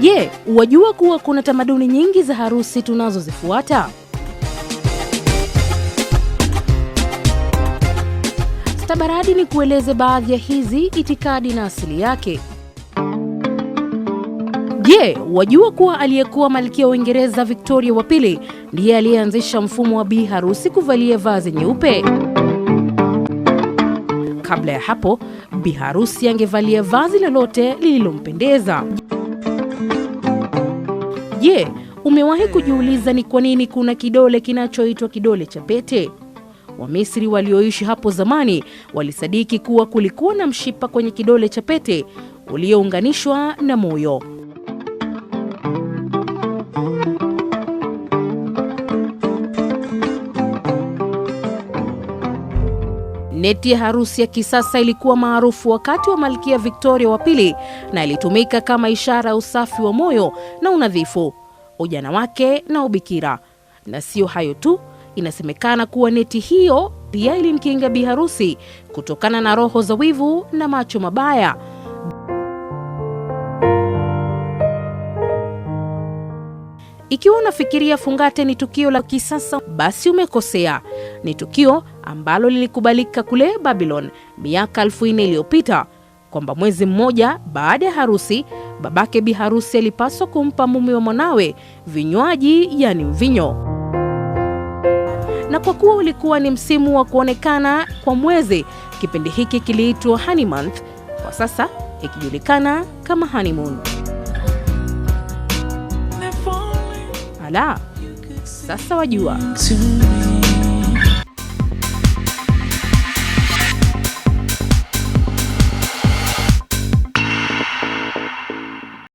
Je, wajua kuwa kuna tamaduni nyingi za harusi tunazozifuata? Stabaradi ni kueleze baadhi ya hizi itikadi na asili yake. Je, wajua kuwa aliyekuwa malkia wa Uingereza Victoria wa pili ndiye aliyeanzisha mfumo wa bi harusi kuvalia vazi nyeupe? Kabla ya hapo, bi harusi angevalia vazi lolote lililompendeza. Je, umewahi kujiuliza ni kwa nini kuna kidole kinachoitwa kidole cha pete? Wamisri walioishi hapo zamani walisadiki kuwa kulikuwa na mshipa kwenye kidole cha pete uliounganishwa na moyo. Neti ya harusi ya kisasa ilikuwa maarufu wakati wa Malkia Victoria wa pili na ilitumika kama ishara ya usafi wa moyo na unadhifu, ujana wake na ubikira. Na sio hayo tu, inasemekana kuwa neti hiyo pia ilimkinga biharusi kutokana na roho za wivu na macho mabaya. Ikiwa unafikiria fungate ni tukio la kisasa, basi umekosea. Ni tukio ambalo lilikubalika kule Babylon miaka elfu nne iliyopita kwamba mwezi mmoja baada ya harusi, babake bi harusi alipaswa kumpa mume wa mwanawe vinywaji, yani mvinyo. Na kwa kuwa ulikuwa ni msimu wa kuonekana kwa mwezi, kipindi hiki kiliitwa honey month, kwa sasa ikijulikana kama honeymoon. Ala, sasa wajua.